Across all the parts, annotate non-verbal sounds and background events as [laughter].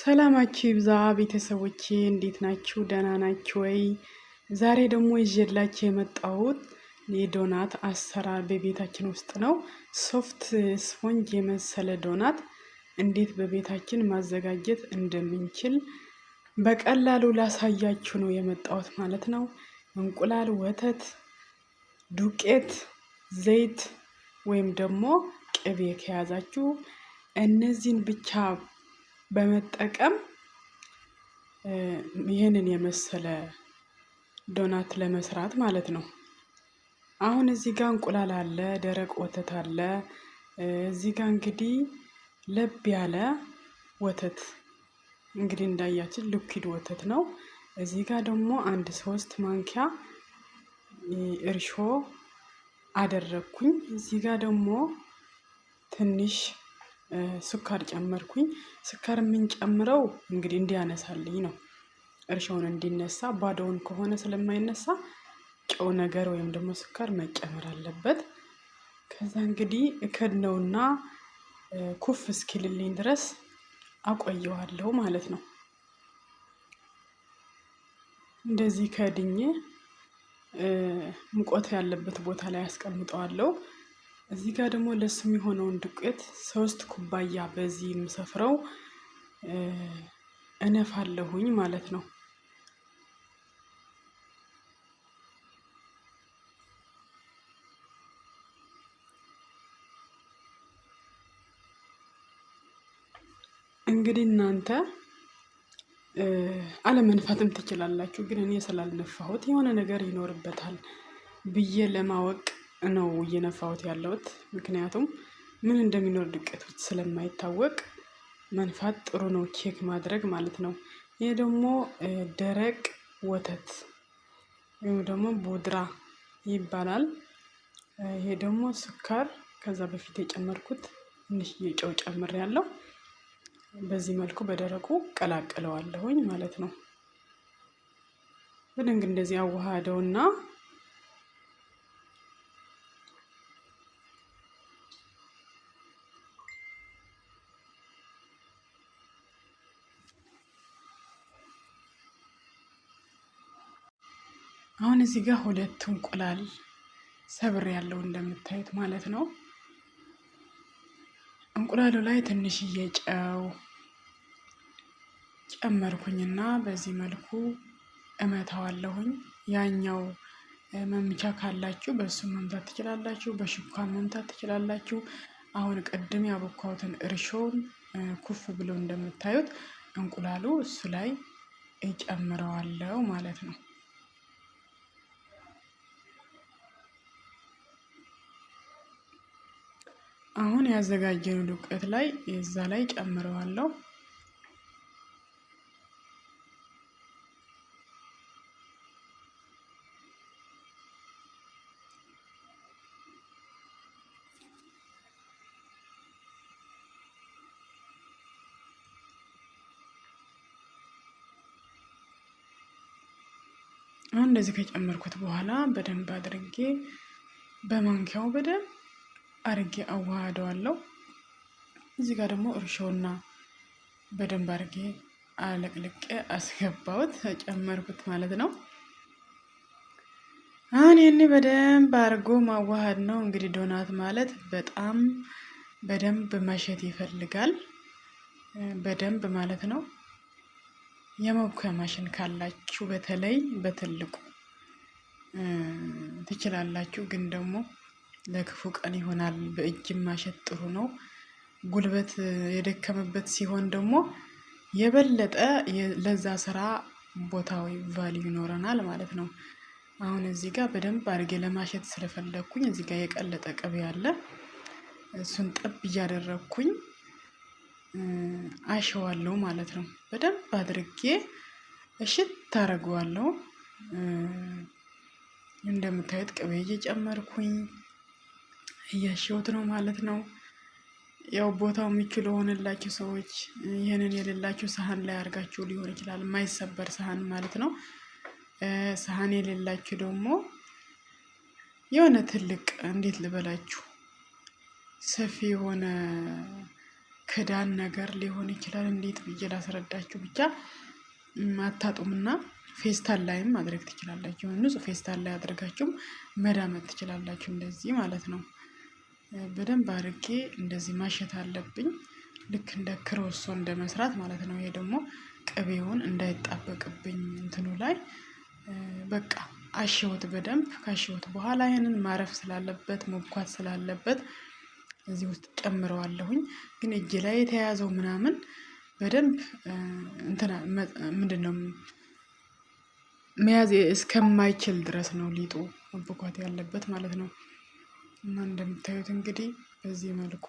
ሰላማችሁ ይብዛ ቤተሰቦቼ፣ እንዴት ናችሁ? ደህና ናችሁ ወይ? ዛሬ ደግሞ ይዤላችሁ የመጣሁት የዶናት አሰራር በቤታችን ውስጥ ነው። ሶፍት ስፖንጅ የመሰለ ዶናት እንዴት በቤታችን ማዘጋጀት እንደምንችል በቀላሉ ላሳያችሁ ነው የመጣሁት ማለት ነው። እንቁላል፣ ወተት፣ ዱቄት፣ ዘይት ወይም ደግሞ ቅቤ ከያዛችሁ እነዚህን ብቻ በመጠቀም ይህንን የመሰለ ዶናት ለመስራት ማለት ነው። አሁን እዚህ ጋር እንቁላል አለ፣ ደረቅ ወተት አለ። እዚህ ጋር እንግዲህ ለብ ያለ ወተት እንግዲህ እንዳያችን ሊኩዊድ ወተት ነው። እዚህ ጋር ደግሞ አንድ ሶስት ማንኪያ እርሾ አደረግኩኝ። እዚህ ጋር ደግሞ ትንሽ ስኳር ጨመርኩኝ። ስኳር የምንጨምረው እንግዲህ እንዲያነሳልኝ ነው። እርሻውን እንዲነሳ ባዶውን ከሆነ ስለማይነሳ ጨው ነገር ወይም ደግሞ ስኳር መጨመር አለበት። ከዛ እንግዲህ እከድነውና ኩፍ እስኪልልኝ ድረስ አቆየዋለሁ ማለት ነው። እንደዚህ ከድኜ ሙቀት ያለበት ቦታ ላይ አስቀምጠዋለሁ እዚህ ጋር ደግሞ ለሱ የሚሆነውን ዱቄት ሶስት ኩባያ በዚህ የምሰፍረው እነፋለሁኝ ማለት ነው። እንግዲህ እናንተ አለመንፋትም ትችላላችሁ፣ ግን እኔ ስላልነፋሁት የሆነ ነገር ይኖርበታል ብዬ ለማወቅ ነው እየነፋሁት ያለሁት። ምክንያቱም ምን እንደሚኖር ዱቄት ስለማይታወቅ መንፋት ጥሩ ነው ኬክ ማድረግ ማለት ነው። ይሄ ደግሞ ደረቅ ወተት ወይም ደግሞ ቦድራ ይባላል። ይሄ ደግሞ ስኳር ከዛ በፊት የጨመርኩት የጨው ጨምር ያለው በዚህ መልኩ በደረቁ ቀላቅለዋለሁኝ ማለት ነው። በደንግ እንደዚህ አዋሃደውና አሁን እዚህ ጋር ሁለት እንቁላል ሰብር ያለው እንደምታዩት ማለት ነው። እንቁላሉ ላይ ትንሽዬ ጨው ጨመርኩኝና በዚህ መልኩ እመታዋለሁኝ። ያኛው መምቻ ካላችሁ በሱ መምታት ትችላላችሁ፣ በሽኳ መምታት ትችላላችሁ። አሁን ቅድም ያቦካሁትን እርሾውን ኩፍ ብሎ እንደምታዩት እንቁላሉ እሱ ላይ እጨምረዋለሁ ማለት ነው። አሁን ያዘጋጀነው ዱቄት ላይ እዛ ላይ ጨምረዋለሁ። አሁን እንደዚህ ከጨመርኩት በኋላ በደንብ አድርጌ በማንኪያው በደንብ አርጌ አዋህደዋለሁ። እዚህ ጋር ደግሞ እርሾና በደንብ አርጌ አለቅልቄ አስገባሁት ጨመርኩት ማለት ነው። አሁን ይህን በደንብ አርጎ ማዋሃድ ነው እንግዲህ። ዶናት ማለት በጣም በደንብ መሸት ይፈልጋል። በደንብ ማለት ነው። የመብኩያ ማሽን ካላችሁ በተለይ በትልቁ ትችላላችሁ ግን ደግሞ ለክፉ ቀን ይሆናል። በእጅም ማሸት ጥሩ ነው። ጉልበት የደከመበት ሲሆን ደግሞ የበለጠ ለዛ ስራ ቦታዊ ቫሊ ይኖረናል ማለት ነው። አሁን እዚህ ጋር በደንብ አድርጌ ለማሸት ስለፈለግኩኝ እዚህ ጋር የቀለጠ ቅቤ አለ። እሱን ጠብ እያደረግኩኝ አሸዋለሁ ማለት ነው። በደንብ አድርጌ እሽት ታደርገዋለሁ። እንደምታዩት ቅቤ እየጨመርኩኝ እያሸወት ነው ማለት ነው። ያው ቦታው ምቹ ለሆነላችሁ ሰዎች ይህንን የሌላችሁ ሳህን ላይ አድርጋችሁ ሊሆን ይችላል፣ የማይሰበር ሳህን ማለት ነው። ሳህን የሌላችሁ ደግሞ የሆነ ትልቅ እንዴት ልበላችሁ ሰፊ የሆነ ክዳን ነገር ሊሆን ይችላል። እንዴት ብዬ ላስረዳችሁ ብቻ አታጡምና ፌስታል ላይም ማድረግ ትችላላችሁ። ንጹህ ፌስታል ላይ አድርጋችሁም መዳመጥ ትችላላችሁ እንደዚህ ማለት ነው። በደንብ አድርጌ እንደዚህ ማሸት አለብኝ። ልክ እንደ ክሮሶ እንደመስራት ማለት ነው። ይሄ ደግሞ ቅቤውን እንዳይጣበቅብኝ እንትኑ ላይ በቃ አሸሁት በደንብ ካሸሁት በኋላ ይህንን ማረፍ ስላለበት መብኳት ስላለበት እዚህ ውስጥ ጨምረዋለሁኝ። ግን እጅ ላይ የተያዘው ምናምን በደንብ እንትን ምንድነው? መያዝ እስከማይችል ድረስ ነው ሊጡ መቦካት ያለበት ማለት ነው እና እንደምታዩት እንግዲህ በዚህ መልኩ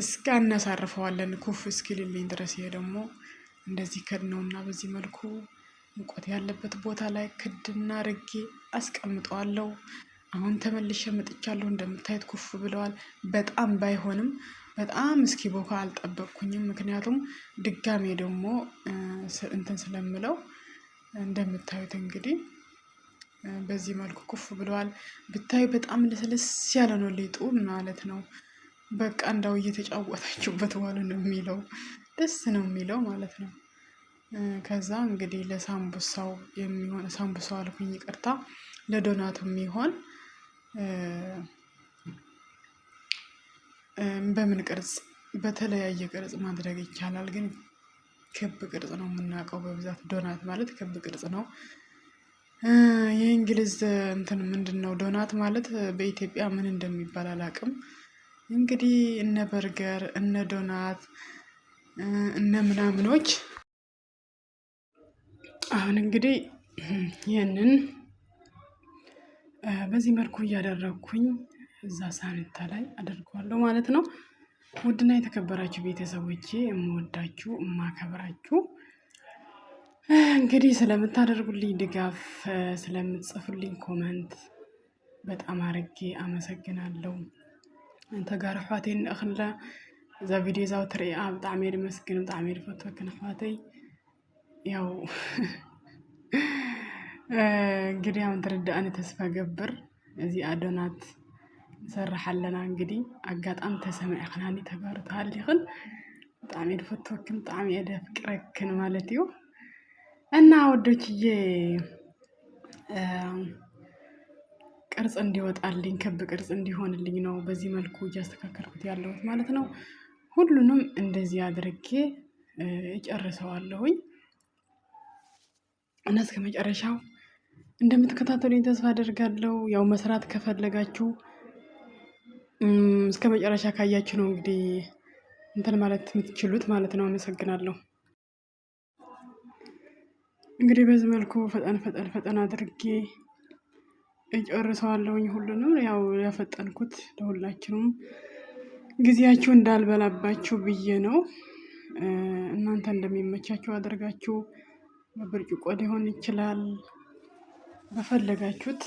እስከ እናሳርፈዋለን ኩፍ እስኪልልኝ ድረስ። ይሄ ደግሞ እንደዚህ እና በዚህ መልኩ ሙቀት ያለበት ቦታ ላይ ክድና ርጌ አስቀምጠዋለሁ። አሁን ተመልሼ መጥቻለሁ። እንደምታዩት ኩፍ ብለዋል። በጣም ባይሆንም በጣም እስኪ ቦካ አልጠበቅኩኝም። ምክንያቱም ድጋሜ ደግሞ እንትን ስለምለው እንደምታዩት እንግዲህ በዚህ መልኩ ኩፍ ብለዋል። ብታዩ በጣም ለስለስ ያለ ነው ሊጡ ማለት ነው። በቃ እንዳው እየተጫወታችሁበት ዋሉ ነው የሚለው ደስ ነው የሚለው ማለት ነው። ከዛ እንግዲህ ለሳምቡሳው የሚሆን ሳምቡሳው አልኩኝ ይቅርታ፣ ለዶናቱ የሚሆን በምን ቅርጽ በተለያየ ቅርጽ ማድረግ ይቻላል። ግን ክብ ቅርጽ ነው የምናውቀው በብዛት ዶናት ማለት ክብ ቅርጽ ነው። የእንግሊዝ እንትን ምንድነው ዶናት ማለት በኢትዮጵያ ምን እንደሚባል አላውቅም። እንግዲህ እነ በርገር እነ ዶናት እነ ምናምኖች አሁን እንግዲህ ይህንን በዚህ መልኩ እያደረግኩኝ እዛ ሳንታ ላይ አደርገዋለሁ ማለት ነው። ውድና የተከበራችሁ ቤተሰቦቼ የምወዳችሁ የማከብራችሁ እንግዲህ ስለምታደርጉልኝ ድጋፍ፣ ስለምትጽፉልኝ ኮመንት በጣም አርጌ አመሰግናለሁ። ጋር ኣሕዋተይ ንእኽላ እዛ ቪድዮ እዛው ትሪኣ ብጣዕሚ እየ ድመስግን ብጣዕሚ እየ ድፈቶ ኣሕዋተይ ያው እንግዲህ ያው እንትርዳእኒ ተስፋ ገብር እዚ ኣዶናት ንሰርሕ ኣለና እንግዲህ ኣጋጣሚ ተሰሚዐ ክናኒ ተጋሩ ተሃሊኽን ብጣዕሚ እየ ድፈትወክን ብጣዕሚ እየ ደፍቅረክን ማለት እዩ እና ወዶችዬ ቅርጽ እንዲወጣልኝ ክብ ቅርጽ እንዲሆንልኝ ነው በዚህ መልኩ እያስተካከልኩት ያለሁት ማለት ነው። ሁሉንም እንደዚህ አድርጌ እጨርሰዋለሁኝ። እና እስከ መጨረሻው እንደምትከታተሉኝ ተስፋ አደርጋለሁ። ያው መስራት ከፈለጋችሁ እስከ መጨረሻ ካያችሁ ነው እንግዲህ እንትን ማለት የምትችሉት ማለት ነው። አመሰግናለሁ እንግዲህ በዚህ መልኩ ፈጠን ፈጠን ፈጠን አድርጌ እጨርሰዋለሁኝ ሁሉንም። ያው ያፈጠንኩት ለሁላችሁም ጊዜያችሁ እንዳልበላባችሁ ብዬ ነው። እናንተ እንደሚመቻችሁ አድርጋችሁ በብርጭቆ ሊሆን ይችላል፣ በፈለጋችሁት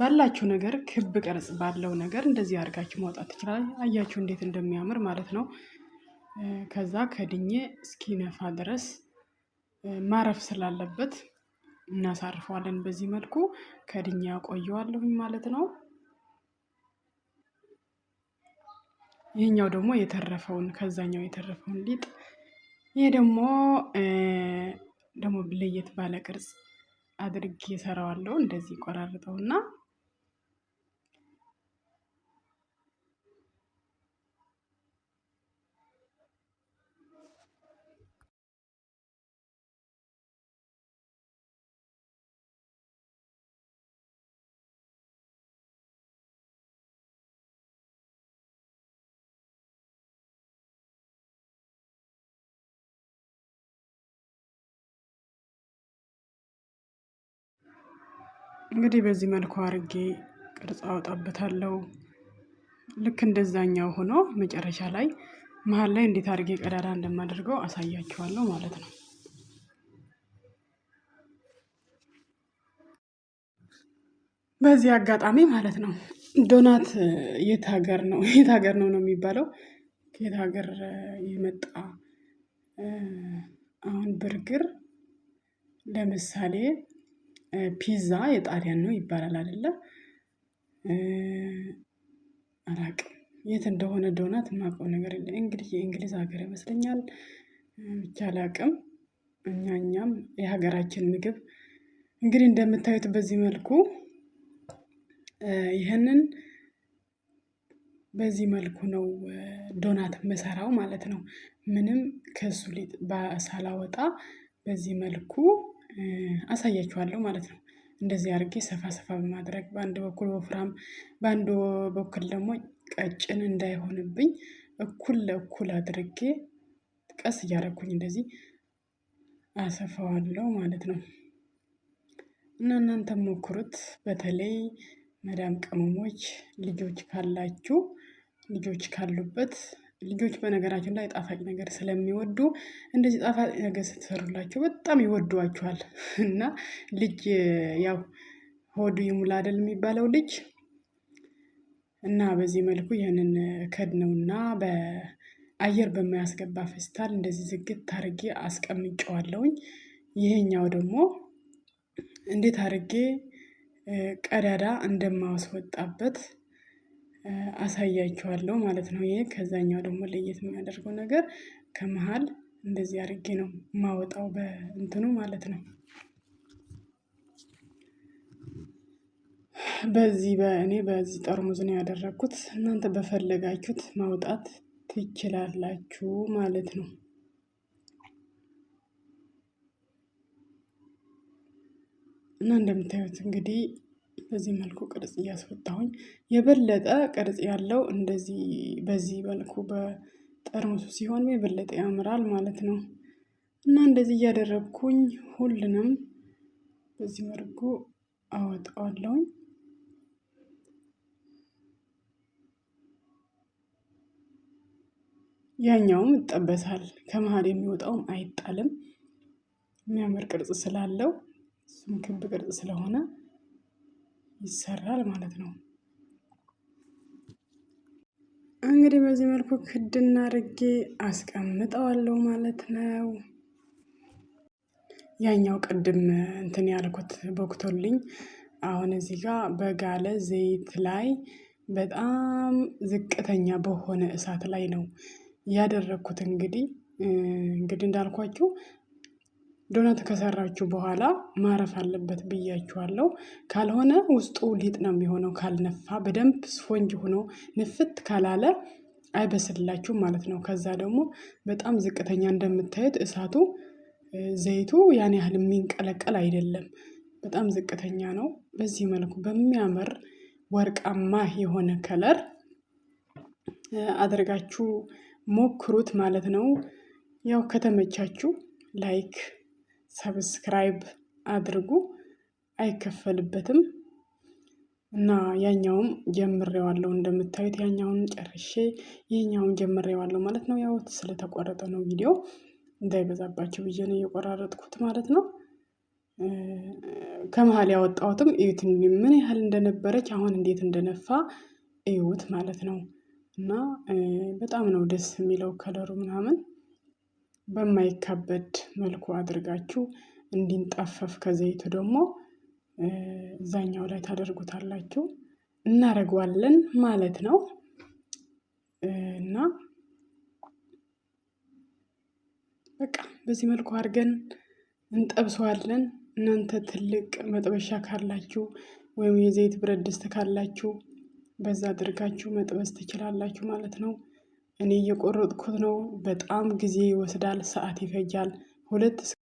ባላችሁ ነገር ክብ ቅርጽ ባለው ነገር እንደዚህ አድርጋችሁ ማውጣት ትችላል። አያችሁ እንዴት እንደሚያምር ማለት ነው። ከዛ ከድኜ እስኪነፋ ድረስ ማረፍ ስላለበት እናሳርፈዋለን። በዚህ መልኩ ከድኛ ቆየዋለሁ ማለት ነው። ይህኛው ደግሞ የተረፈውን ከዛኛው የተረፈውን ሊጥ ይሄ ደግሞ ደግሞ ለየት ባለ ቅርጽ አድርጌ እሰራዋለሁ። እንደዚህ ቆራርጠውና እንግዲህ በዚህ መልኩ አድርጌ ቅርጽ አወጣበታለሁ። ልክ እንደዛኛው ሆኖ መጨረሻ ላይ መሀል ላይ እንዴት አድርጌ ቀዳዳ እንደማደርገው አሳያችኋለሁ ማለት ነው። በዚህ አጋጣሚ ማለት ነው ዶናት የት ሀገር ነው የት ሀገር ነው ነው የሚባለው ከየት ሀገር የመጣ አሁን ብርግር ለምሳሌ ፒዛ የጣሊያን ነው ይባላል አይደለ? አላውቅም የት እንደሆነ ዶናት የማውቀው ነገር የለ እንግዲህ የእንግሊዝ ሀገር ይመስለኛል ብቻ አላቅም እኛ የሀገራችን ምግብ እንግዲህ እንደምታዩት በዚህ መልኩ ይህንን በዚህ መልኩ ነው ዶናት መሰራው ማለት ነው። ምንም ከሱ ሊጥ ሳላወጣ በዚህ መልኩ አሳያችኋለሁ ማለት ነው። እንደዚህ አድርጌ ሰፋ ሰፋ በማድረግ በአንድ በኩል ወፍራም በአንድ በኩል ደግሞ ቀጭን እንዳይሆንብኝ እኩል ለእኩል አድርጌ ቀስ እያደረኩኝ እንደዚህ አሰፋዋለሁ ማለት ነው። እና እናንተ ሞክሩት። በተለይ መዳም ቅመሞች ልጆች ካላችሁ ልጆች ካሉበት ልጆች በነገራችን ላይ ጣፋጭ ነገር ስለሚወዱ እንደዚህ ጣፋጭ ነገር ስትሰሩላቸው በጣም ይወዷቸዋል። [laughs] እና ልጅ ያው ሆዱ ይሙላ አይደል የሚባለው ልጅ እና በዚህ መልኩ ይህንን ከድ እና በአየር በማያስገባ ፌስታል እንደዚህ ዝግት ታርጌ አስቀምጨዋለውኝ። ይሄኛው ደግሞ እንዴት አርጌ ቀዳዳ እንደማስወጣበት አሳያችኋለሁ ማለት ነው። ይሄ ከዛኛው ደግሞ ለየት የሚያደርገው ነገር ከመሀል እንደዚህ አድርጌ ነው ማወጣው በእንትኑ ማለት ነው። በዚህ በእኔ በዚህ ጠርሙዝ ነው ያደረኩት። እናንተ በፈለጋችሁት ማውጣት ትችላላችሁ ማለት ነው። እና እንደምታዩት እንግዲህ በዚህ መልኩ ቅርጽ እያስወጣሁኝ የበለጠ ቅርጽ ያለው እንደዚህ በዚህ መልኩ በጠርሙሱ ሲሆን የበለጠ ያምራል ማለት ነው። እና እንደዚህ እያደረግኩኝ ሁሉንም በዚህ መልኩ አወጣዋለሁኝ። ያኛውም ይጠበሳል ከመሀል የሚወጣውም አይጣልም። የሚያምር ቅርጽ ስላለው እሱም ክብ ቅርጽ ስለሆነ ይሰራል ማለት ነው። እንግዲህ በዚህ መልኩ ክድና አድርጌ አስቀምጠዋለሁ ማለት ነው። ያኛው ቅድም እንትን ያልኩት ቦክቶልኝ አሁን እዚህ ጋር በጋለ ዘይት ላይ በጣም ዝቅተኛ በሆነ እሳት ላይ ነው ያደረኩት እንግዲህ እንግዲህ እንዳልኳችሁ ዶናት ከሰራችሁ በኋላ ማረፍ አለበት ብያችኋለሁ። ካልሆነ ውስጡ ሊጥ ነው የሚሆነው ካልነፋ በደንብ ስፎንጅ ሆኖ ንፍት ካላለ አይበስልላችሁም ማለት ነው። ከዛ ደግሞ በጣም ዝቅተኛ እንደምታዩት እሳቱ ዘይቱ ያን ያህል የሚንቀለቀል አይደለም። በጣም ዝቅተኛ ነው። በዚህ መልኩ በሚያምር ወርቃማ የሆነ ከለር አድርጋችሁ ሞክሩት ማለት ነው። ያው ከተመቻችሁ ላይክ ሰብስክራይብ አድርጉ አይከፈልበትም። እና ያኛውም ጀምሬዋለሁ እንደምታዩት ያኛውን ጨርሼ ጀምሬ ጀምሬዋለሁ ማለት ነው። ያው ስለተቆረጠ ነው ቪዲዮ እንዳይበዛባቸው ብዬ ነው እየቆራረጥኩት ማለት ነው። ከመሀል ያወጣሁትም እዩት ምን ያህል እንደነበረች አሁን እንዴት እንደነፋ እዩት ማለት ነው። እና በጣም ነው ደስ የሚለው ከለሩ ምናምን በማይካበድ መልኩ አድርጋችሁ እንዲንጣፈፍ ከዘይቱ ደግሞ እዛኛው ላይ ታደርጉታላችሁ እናደርገዋለን ማለት ነው። እና በቃ በዚህ መልኩ አድርገን እንጠብሰዋለን። እናንተ ትልቅ መጥበሻ ካላችሁ ወይም የዘይት ብረት ድስት ካላችሁ በዛ አድርጋችሁ መጥበስ ትችላላችሁ ማለት ነው። እኔ እየቆረጥኩት ነው። በጣም ጊዜ ይወስዳል፣ ሰዓት ይፈጃል። ሁለት